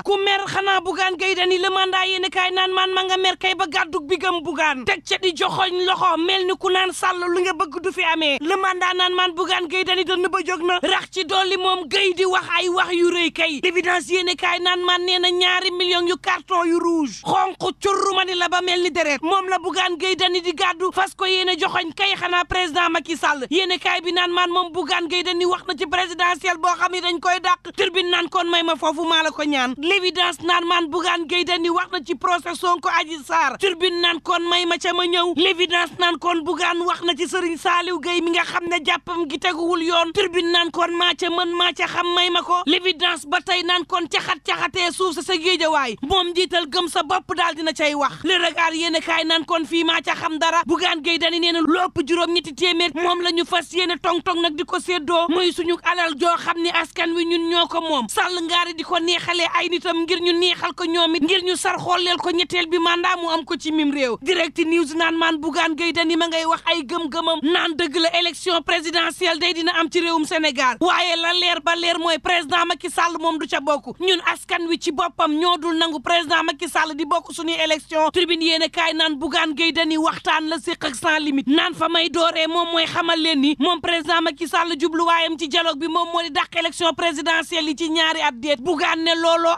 mandat ku mer xanaa bugaan gay dani le mandat yéen kaay naan maan ma nga mer kay ba gàddug bi gëm bugaan teg ca di joxoñ loxo mel ni ku naan sàll lu nga bëgg du fi amee le mandat naan maan bugaan gay dani dënn ba jóg na rax ci dolli moom gay di wax ay wax yu rëy kay l'évidence yéen kaay naan man nee na ñaari millions yu carton yu rouge xonq currumani la ba mel ni deret moom la bugaan gay dani di gàddu fas ko yéen a joxoñ kay xanaa président Macky Sall yéen kaay bi naan man moom bugaan gay dani wax na ci présidentielle boo xam ne dañ koy dàq turbine naan kon may ma foofu maa ko ñaan l'évidence naan maan Bougane Gueye Dany wax na ci procès Sonko Adji Sarr turbine naan kon may ma ca ma ñëw l'évidence naan kon Bougane wax na ci Serigne Saliou Gueye mi nga xam na jàppam gi teguwul yoon turbine naan kon maa ca mën maa ca xam may ma ko l'évidence ba tey naan kon caxat-caxatee suuf sa sa géejawaay moom njiital gëm sa bopp daal dina cay wax le regard yéen a kaay naan kon fii maa ca xam dara Bougane Gueye Dany nee na lu ëpp juróom ñetti téeméer moom la ñu fas yéene tong-tong nag di ko séddoo muy suñu alal joo xam ne askan wi ñun ñoo ko moom sàll ngaari di ko neexalee nitam ngir ñu neexal ko ñoom it ngir ñu sar xooleel ko ñetteel bi mandat mu am ko ci mim réew direct news naan maan Bougane Gueye Dany ma gay wax ay gëm-gëmam naan dëgg la élection présidentielle day dina am ci réewum Sénégal waaye la leer ba leer mooy président Macky Sall moom du ca bokk ñun askan wi ci boppam ñoo dul nangu président Macky Sall di bokk suñuy élection tribune yéen a kaay naan Bougane Gueye Dany waxtaan la séq ak sans limite naan fa may dooree moom mooy xamal leen ni moom président Macky Sall jubluwaayam ci dialogue bi moom moo di dàq élection présidentielle yi ci ñaari at déet Bougane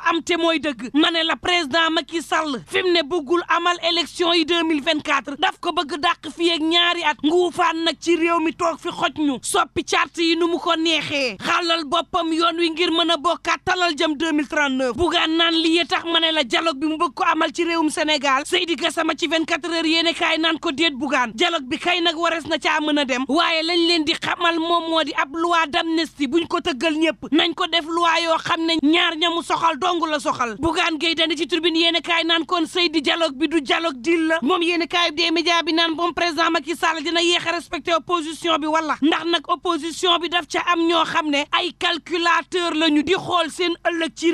am te mooy dëgg ma ne la président Macky Sall fi ne bëggul amal élection yi 2024 daf ko bëgg dàq fii ak ñaari at nguufaan nag ci réew mi toog fi xoj ñu soppi charte yi nu mu ko neexee xàllal boppam yoon wi ngir mën a bokkaat talal jëm 2039 bugaan naan lii tax ma ne la dialogue bi mu bëgg ko amal ci réew réewum Sénégal Seydi Gassama ci 24 heures yéene kaay naan ko déet bugaan dialogue bi kay nag warees na caa mën a dem waaye lañ leen di xamal moom moo di ab loi d'amnistie buñ ko tëggal ñëpp nañ ko def loi yoo xam ne ñaar ñamu soxal do dong la soxal bugaan gay dani ci tribune yéen a kaay naan kon sëy di dialogue bi du dialogue dil la moom yéen a kaay des médias bi naan moom a ndax nag opposition bi daf ca am ñoo xam ne ay calculateur la di xool seen ëllëg ci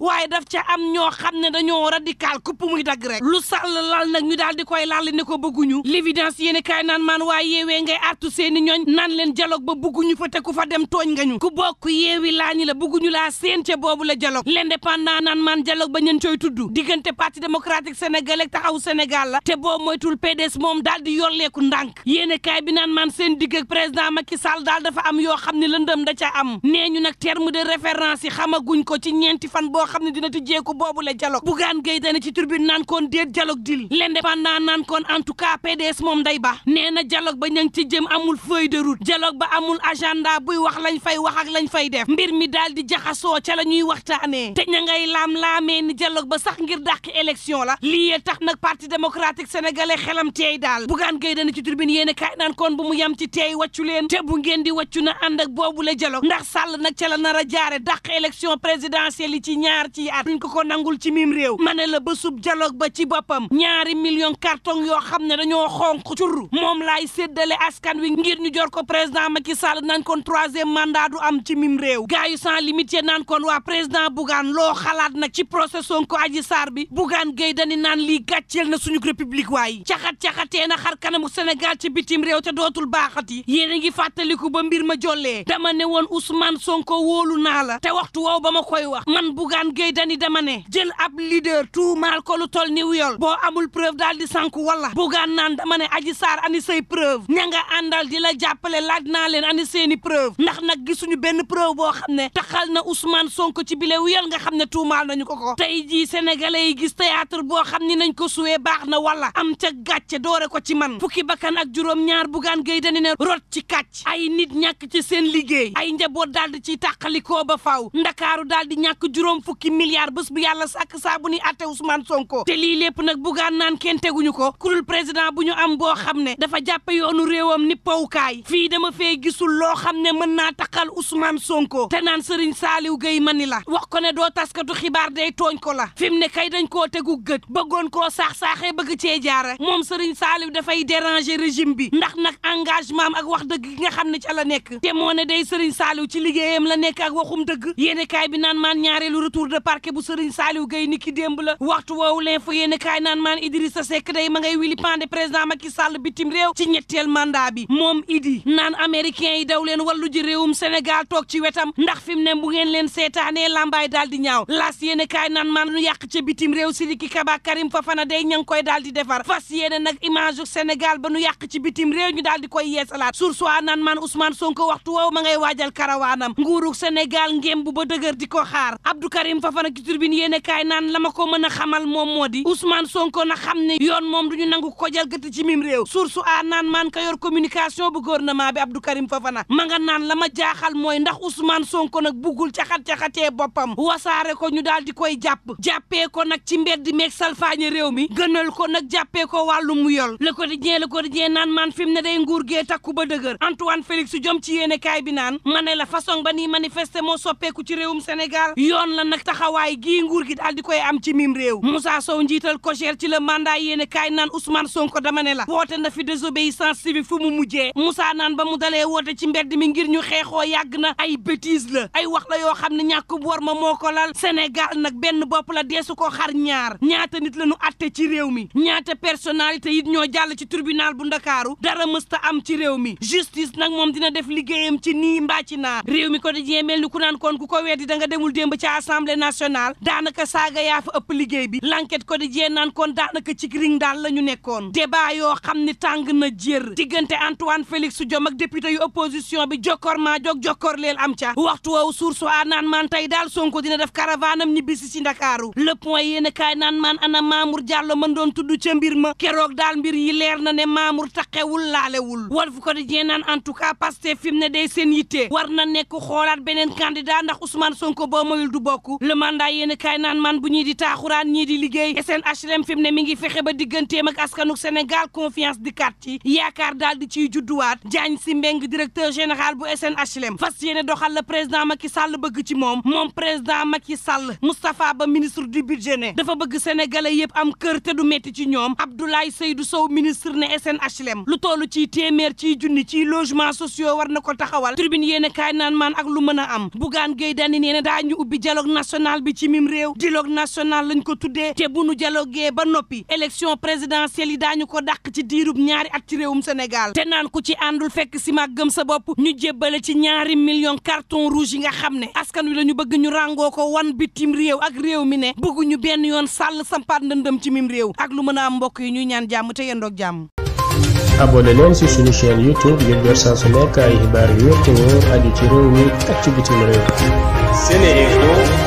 waaye daf ca am ñoo xam ne dañoo radical kupp muy rek lu sàll lal nag ñu daal di koy lal ne ko bëgguñu l'évidence yéen a naan maan waaye yeewee ngay artu seeni ñooñ naan leen dialogue ba bëgguñu fa te ku dem tooñ nga ñu ku bokk yeewi laañi la bugguñu laa seen ca boobu la dialogue l'indépendant naan man dialogue ba ñeen cooy tudd diggante parti démocratique sénégalais taxaw Sénégal la te boo moytul PDS moom daal di yolleeku ndànk yéene kaay bi naan man seen digg ak président Macky Sall daal dafa am yoo xam ne lëndëm da ca am nee ñu nag terme de référence yi xamaguñ ko ci ñeenti fan boo xam ne dina jeeku boobu la dialogue bugaan gay dane ci tribune naan koon déet dialogue dil l'indépendant naan koon en tout cas PDS moom day ba nee na dialogue ba ña ngi jëm amul feuille de route dialogue ba amul agenda buy wax lañ fay wax ak lañ fay def mbir mbir mi daal di jaxasoo ca la ñuy waxtaanee te ña ngay laam-laamee ni dialogue ba sax ngir dàq élection la lii tax nag parti démocratique sénégalais xelam teey daal bugaan gay dana ci tribune yéen kaay naan kon bu mu yam ci teey wàccu leen te bu ngeen di wàccu na ànd ak boobu la dialogue ndax sàll nag ca la nar a jaare dàq élection présidentielle yi ci ñaar ci at ñu ko ko nangul ci mim réew ma ne la bésub dialogue ba ci boppam ñaari million carton yoo xam ne dañoo xon cur moom laay séddale askan wi ngir ñu jor ko président Macky Sall nañ kon troisième mandat am ci mim réew gaayu sans limite naan kon waa président Bougane loo xalaat nag ci procès Sonko Adji saar bi Bougane Gueye dani naan lii gàcceel na suñu république waaye caxat-caxatee na xar kanamu Sénégal ci bitim réew ca dootul baaxati yéen a ngi fàttaliku ba mbir ma jollee dama ne woon Ousmane Sonko wóolu naa la te waxtu woow ba ma koy wax man Bougane Gueye dani dama ne jël ab leader tuumaal ko lu tol ni wuyol boo amul preuve daal di sànk wala Bougane naan dama ne Adji saar ani say preuve ña nga àndal di jàppale laaj naa leen ani seeni preuve ndax nag gisuñu benn preuve xam ne taxal na Ousmane Sonko ci bile wiyal nga xam ne tuumaal nañu ko ko tey jii sénégalais yi gis boo xam ni nañ ko suwee baax na am ca gàcce doore ko ci man fukki bakkan ak juróom-ñaar bugaan gay dani ne rot ci kàcc ay nit ñàkk ci seen liggéey ay njaboot daal di ciy tàqalikoo ba faaw ndakaaru daal di ñàkk juróom fukki milliards bés bu yàlla sàkk saa bu ni atte Ousmane Sonko te lii lépp nag bugaan naan kenn teguñu ko kurul président bu ñu am boo xam ne dafa jàppe yoonu réewam ni powkaay fii dama fee gisul loo xam ne mën naa taqal Ousmane Sonko naan Serigne Saliou Gueye mani la wax ko ne doo taskatu xibaar day tooñ ko la fi mu ne kay dañ koo tegu gët bëggoon koo saax-saaxee bëgg cee jaare moom Serigne Saliou dafay déranger régime bi ndax nag engagement ak wax dëgg gi nga xam ne ca la nekk te moo ne day Serigne Saliou ci liggéeyam la nekk ak waxum dëgg yéene kaay bi naan maan ñaareelu retour de parquet bu Serigne Saliou Gueye ni ki démb la waxtu woowu l'info yéene kaay naan maan Idrissa Seck day ma ngay wili pande président Macky Sall bitim réew ci ñetteel mandat bi moom idi naan américain yi daw leen wallu ji réewum Sénégal toog ci wetam ndax fi mu ne bu ngeen leen seetaanee lambaay daal di ñaaw las yéene kaay naan man nu yàq ca bitim réew Sidiki Kaba Karim Fofana day ña ngi koy daal di defar fas yéene nag image u ba nu yàq ci bitim réew ñu daal di koy yeesalaat sursoi naan man Ousmane Sonko waxtu woow ma ngay waajal karawaanam nguurug senegal ngéem bu ba dëgër di ko xaar Abdou Karim Fofana ki turbine yéene kaay naan la ma ko mën a xamal moom moo di Ousmane Sonko na xam ne yoon moom duñu nangu ko jël ci mim réew source a naan maan ka yor communication bu gouvernement bi Abdou Karim Fofana ma nga naan la ma jaaxal mooy ndax Ousmane Sonko nag buggul caxat-caxatee boppam wasaare ko ñu daal di koy jàpp jàppee ko nag ci mbedd meeg salfaañe réew mi gënal ko nag jàppee ko wàllu mu yol le quotidien le quotidien naan man fi mu ne day nguur gee takku ba dëgër Antoine Félix jom ci yéene kaay bi naan ma ne la façon ba ni manifester moo soppeeku ci réewum Sénégal yoon la nag taxawaay gii nguur gi daal di koy am ci mim réew Moussa Sow njiital ko kocher ci la mandat yéene kaay naan Ousmane Sonko dama ne la woote na fi désobéissance civile fu mu mujjee Moussa naan ba mu dalee woote ci mbedd mi ngir ñu xeexoo yàgg na ay bêtises ay wax la yoo xam ne ñàkkub war ma moo ko lal Sénégal nag benn bopp la deesu ko xar ñaar ñaata nit la ñu atte ci réew mi ñaata personnalité it ñoo jàll ci tirbinal bu ndakaaru dara mësta am ci réew mi justice nag moom dina def liggéeyam ci nii mbaa ci naa réew mi ko dajee mel ni ku naan kon ku ko weddi danga nga demul démb ci assemblée nationale daanaka saaga yaa ëpp liggéey bi l'enquête ko dajee naan kon daanaka ci ring daal la ñu nekkoon débat yoo xam ne tàng na jër diggante Antoine Félix Diome ak député yu opposition bi jokkoor maa jog jokkoor leel am ca waxtu woowu source a naan maan tey daal Sonko dina def caravane am ñibbisi si Ndakaaru le point yéen a kaay naan maan ana Mamour Diallo mën doon tudd ca mbir ma keroog daal mbir yi leer na ne Mamour wul laalewul Walf Quotidien naan en tout cas Pastef fi mu ne day seen yitte war na nekk xoolaat beneen candidat ndax Ousmane Sonko boo mayul du bokk le mandat yéen a kaay naan maan bu ñii di taaxuraan ñii di liggéey SNHLM fi mu ne mi ngi fexe ba digganteem ak askanuk Sénégal confiance di kat ci yaakaar daal di ciy judduwaat Diagne Sy Mbengue directeur général bu SNHLM fas yéene doxal la président Macky Sall bëgg ci moom moom président Macky Sall Moustapha Ba ministre du budget ne dafa bëgg sénégalais yëpp am kër te du metti ci ñoom Abdoulaye seydu Sow ministre ne SNHLM lu toll ci téeméer ci junni ci logement sociaux war na ko taxawal tribune yéen a kaay naan maan ak lu mën a am Bougane Gueye Dany nee na daañu ubbi dialogue national bi ci mim réew dialogue national lañ ko tuddee te bu nu dialoguee ba noppi élection présidentielle yi daañu ko dàq ci diirub ñaari at ci réewum Sénégal te naan ku ci àndul fekk si mag sa bopp ñu jébbale ci ñaari million carton rouge yi nga xam ne askan wi la ñu bëgg ñu ràngoo ko wan bitim réew ak réew mi ne ñu benn yoon sàll sampaat ndëndëm ci miim réew ak lu mën a am mbokk yi ñuy ñaan jàmm te yendoog jàmm abonné leen ci suñu chaîne youtube ngir jot saa su nekk xibaar yu wér te wóor ci réew mi ak ci bitim réew